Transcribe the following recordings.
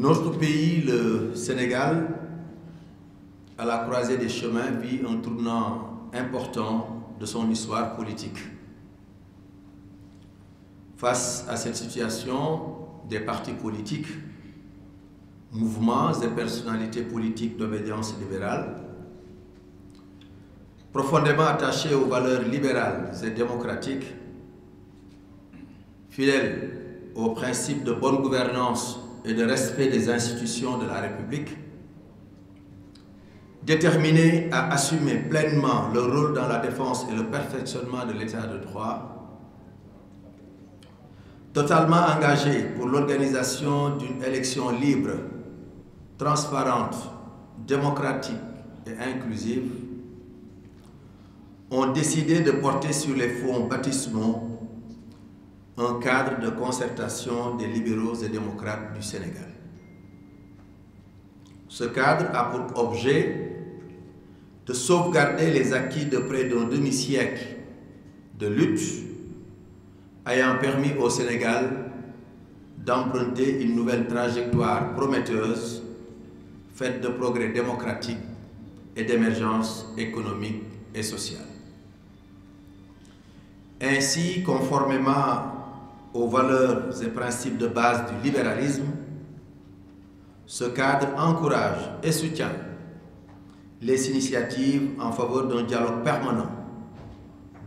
Notre pays, le Sénégal, à la croisée des chemins, vit un tournant important de son histoire politique. Face à cette situation, des partis politiques, mouvements et personnalités politiques d'obédience libérale, profondément attachés aux valeurs libérales et démocratiques, fidèles aux principes de bonne gouvernance et de respect des institutions de la République, déterminés à assumer pleinement le rôle dans la défense et le perfectionnement de l'état de droit, totalement engagés pour l'organisation d'une élection libre, transparente, démocratique et inclusive, ont décidé de porter sur les fonds baptismaux un cadre de concertation des libéraux et démocrates du Sénégal. Ce cadre a pour objet de sauvegarder les acquis de près d'un demi-siècle de lutte ayant permis au Sénégal d'emprunter une nouvelle trajectoire prometteuse faite de progrès démocratiques et d'émergence économique et sociale. Ainsi, conformément aux valeurs et principes de base du libéralisme, ce cadre encourage et soutient les initiatives en faveur d'un dialogue permanent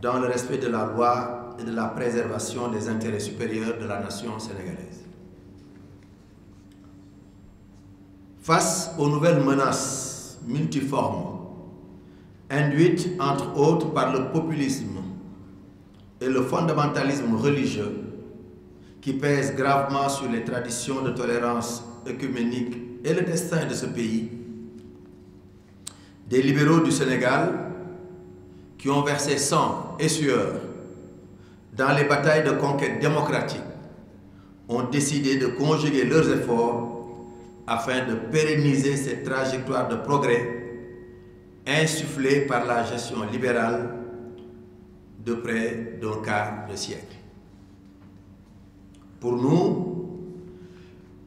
dans le respect de la loi et de la préservation des intérêts supérieurs de la nation sénégalaise. Face aux nouvelles menaces multiformes, induites entre autres par le populisme et le fondamentalisme religieux, qui pèse gravement sur les traditions de tolérance œcuménique et le destin de ce pays, des libéraux du Sénégal qui ont versé sang et sueur dans les batailles de conquête démocratique ont décidé de conjuguer leurs efforts afin de pérenniser cette trajectoire de progrès insufflée par la gestion libérale de près d'un quart de siècle. Pour nous,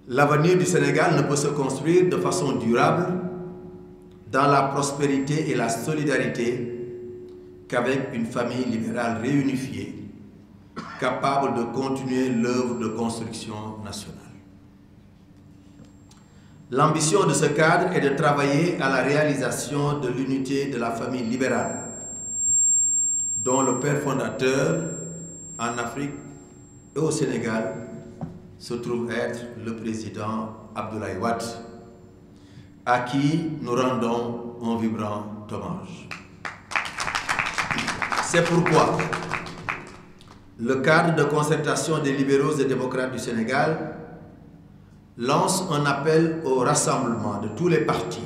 l'avenir du Sénégal ne peut se construire de façon durable dans la prospérité et la solidarité qu'avec une famille libérale réunifiée, capable de continuer l'œuvre de construction nationale. L'ambition de ce cadre est de travailler à la réalisation de l'unité de la famille libérale, dont le père fondateur en Afrique et au Sénégal se trouve être le président Abdoulaye Wade, à qui nous rendons un vibrant hommage. C'est pourquoi le cadre de concertation des libéraux et démocrates du Sénégal lance un appel au rassemblement de tous les partis,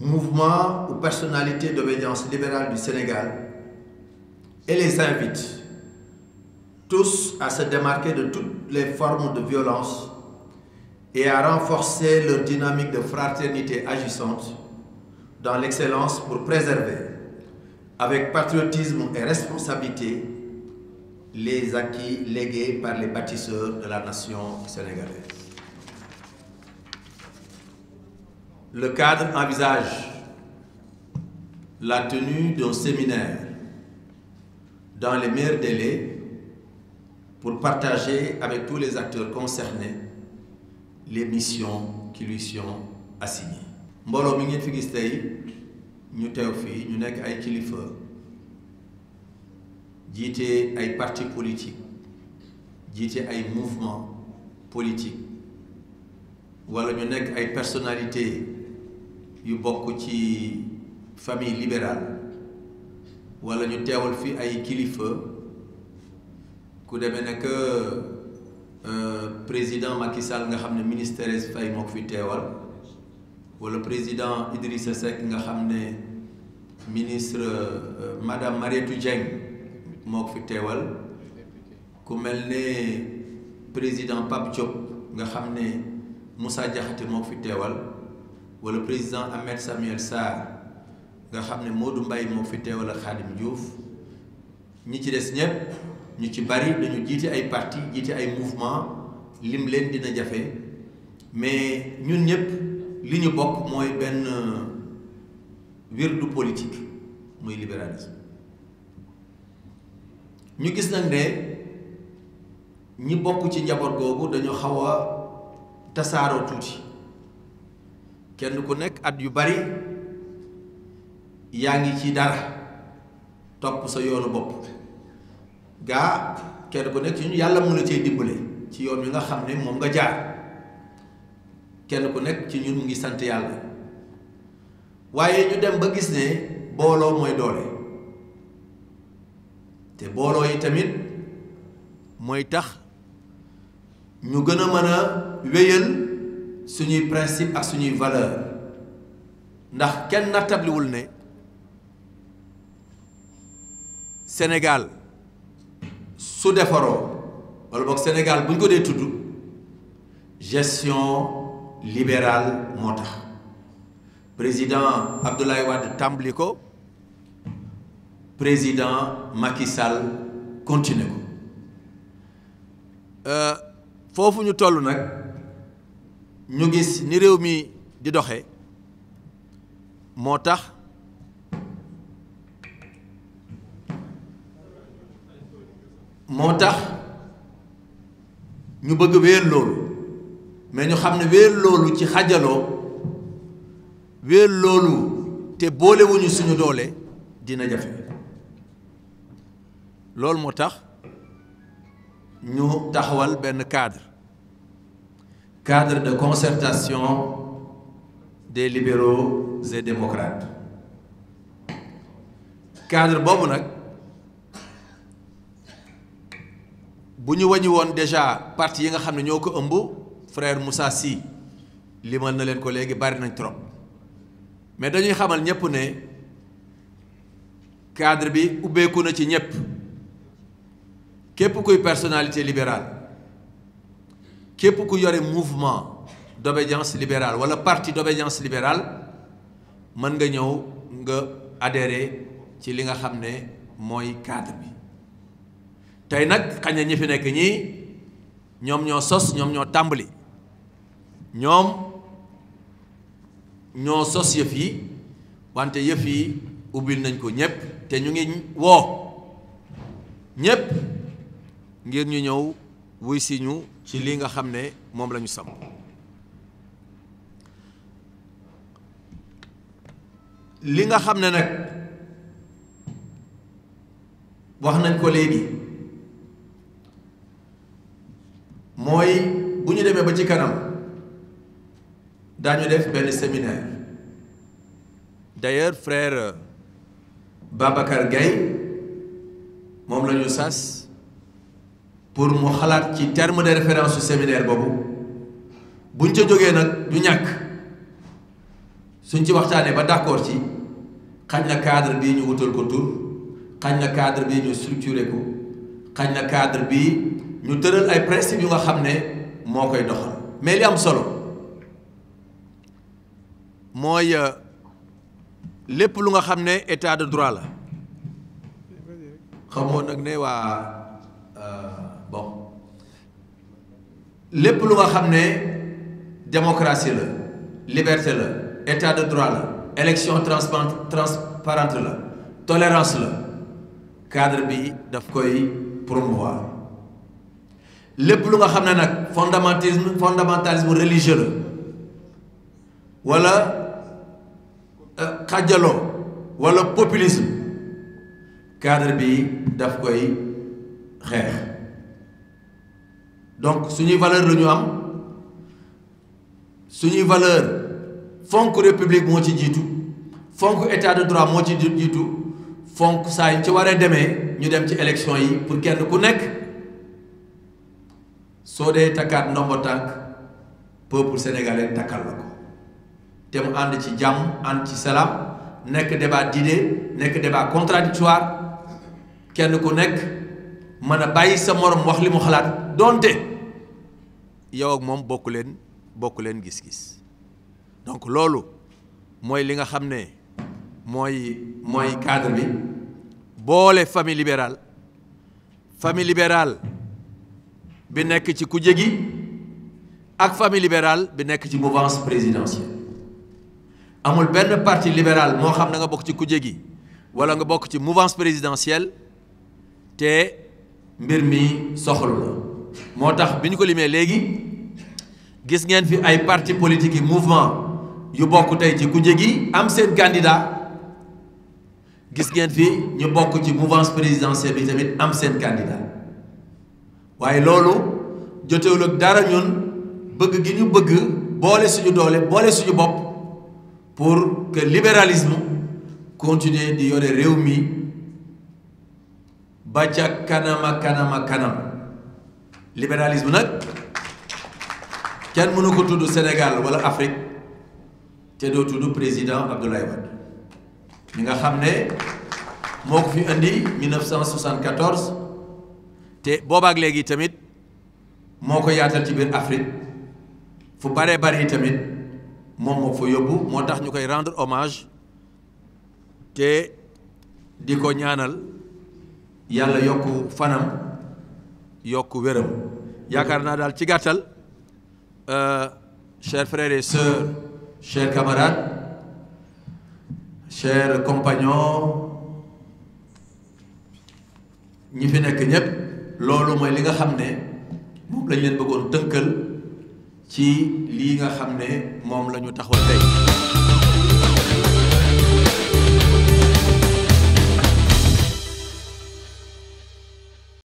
mouvements ou personnalités d'obédience libérale du Sénégal et les invite tous à se démarquer de toutes les formes de violence et à renforcer leur dynamique de fraternité agissante dans l'excellence pour préserver, avec patriotisme et responsabilité, les acquis légués par les bâtisseurs de la nation sénégalaise. Le cadre envisage la tenue d'un séminaire dans les meilleurs délais pour partager avec tous les acteurs concernés les missions qui lui sont assignées mbooloo mi ngeen fi gis tey ñu teew fii ñu nekk ay kilifa jiite ay parti politique jiite ay mouvement politique wala ñu nekk ay personnalité yu bokk ci famille libérale wala ñu teewal fii ay kilifa ku demee ne que euh, président Macky Sall nga xam ne ministre Faye moo ko fi teewal wala président Idrissa Seck nga xam ne ministre euh, madame Mariétou Dieng moo fi teewal ku mel ne président Pape Diop nga xam ne Moussa Diakhaté moo fi teewal wala président Ahmed Samuel Sarr nga xam ne moo du mbay moo fi teewal ak Khadim Diouf ñi ci des ñëpp. ñu ci bari dañu jiite ay parti jiite ay mouvement lim leen dina jafe mais ñun ñëpp li ñu bokk mooy benn euh, wirdu politique muy libéralisme ñu gis nag ne ñi bokk ci njaboot googu dañu xaw a tasaaroo tuuti kenn ku nekk at yu bari yaa ngi ci dara topp sa yoonu bopp gaa kenn ku nekk ci ñu yàlla mën na cee dimbale ci yoon wi nga xam ne moom nga jaar kenn ku nekk ci ñun mu ngi sant yàlla waaye ñu dem ba gis ne booloo mooy doole te booloo yi tamit mooy tax ñu gën a mën a wéyal suñuy principe ak suñuy valeur ndax kenn tabliwul ne Sénégal su defaroo wala boog Sénégal bu ñu ko dee tudd gestion libérale moo tax président Abdoulaye Wade tàmbali ko président Macky Sall continué ko euh, foofu ñu toll nag ñu gis ni réew mi di doxe moo tax moo tax ñu bëgg wéer loolu mais ñu xam ne wéer loolu ci xajaloo wéer loolu te boolewuñu suñu doole dina jafe loolu moo tax ñu taxawal benn cadre cadre de concertation des libéraux de démocrates cadre boobu nag bu ñu wañi woon déjà parti yi nga xam ne ñoo ko ëmb frère Moussa Sy limal na leen ko léegi bari nañ trop mais dañuy xamal ñëpp ne cadre bi ubbeeku na ci ñëpp képp kuy personnalité libérale képp ku yore mouvement d'obédience libérale wala parti d'obédience libérale mën nga ñëw nga adhérer ci li nga xam ne mooy cadre bi tey nag xañ ñi fi nekk ñii ñoom ñoo sos ñoom ñoo tàmbali ñoom ñoo sos yëf yi wante yëf yi ubbil nañ ko ñëpp te ñu ngi woo ñëpp ngir ñu ñëw wuy si ñu ci lii nga xam ne moom lañu ñu sàmm li nga xam ne nag wax nañ ko léegi mooy bu ñu demee ba ci kanam daañu def benn séminaire d'ailleurs frère euh, Babacar Gaye moom lañu sas pour mu xalaat ci terme de référence séminaire boobu buñ ca jógee nag du ñàkk suñ ci waxtaanee ba d'accord ci xañ na cadre bii ñu wutal ko tur xañ na cadre bi ñu structuré ko xañ na cadre bii ñu tëral ay principes yu nga xam ne moo koy doxal mais li am solo mooy euh, lépp lu nga xam ne état de droit la xam xamoon nag ne waa euh, bon lépp lu nga xam ne démocratie la liberté la état de droit la élection transparente transparente la tolérance la cadre bi daf koy promouvoir lépp lu nga xam ne nag fondamentalisme fondamentalisme religieux la wala xajaloo euh, walla populisme cadre bi daf koy xeex donc suñuy valeur la ñu am suñuy valeur fonk république moo ci jiitu fonk état de droit moo ci jiitu fonk saa yi ci waree demee ñu dem ci élection yi pour kenn ku nekk soo dee takkaat ndombo tànk peuple sénégalais takkal la ko te mu ànd ci jàmm ànd ci salaam nekk débat d'idées nekk débat contradictoire kenn ku nekk mën a bàyyi sa morom wax li mu xalaat donte yow moom bokk leen bokk leen gis-gis donc loolu mooy li nga xam ne mooy mooy cadre bi boole famille libérale famille libérale bi nekk ci kujje gi ak famille libéral bi nekk ci mouvance présidentielle amul benn parti libéral moo xam na nga bokk ci kujje gi wala nga bokk ci mouvance présidentielle te mbir mi soxlu la moo tax bi ñu ko limee léegi gis ngeen fi ay parti politique yi mouvement yu bokk tey ci kujje gi am seen candidat gis ngeen fi ñu bokk ci mouvance présidentielle bi tamit am seen candidat waaye loolu jotewul ak dara ñun bëgg gi ñu bëgg boole suñu doole boole suñu bopp pour que libéralisme continuer di yore réew mi ba ca kanama kanama kanam libéralisme nag kenn mënu ko tudd Sénégal wala Afrique te doo tudd président Abdoulaye Wade mi nga xam ne moo ko fi indi 1974 te boobaak léegi tamit moo ko yaatal ci biir Afrique fu baree bari tamit moom moo fa yóbbu moo tax ñu koy rendre hommage te di ko ñaanal yàlla yokku fanam yokk wéram yaakaar naa daal ci gàttal euh, chers frères et sœurs chers camarades chers ñi fi nekk ñëpp loolu mooy li nga xam ne moom lañ leen bëggoon tënkal ci lii nga xam ne moom la ñu taxawal tey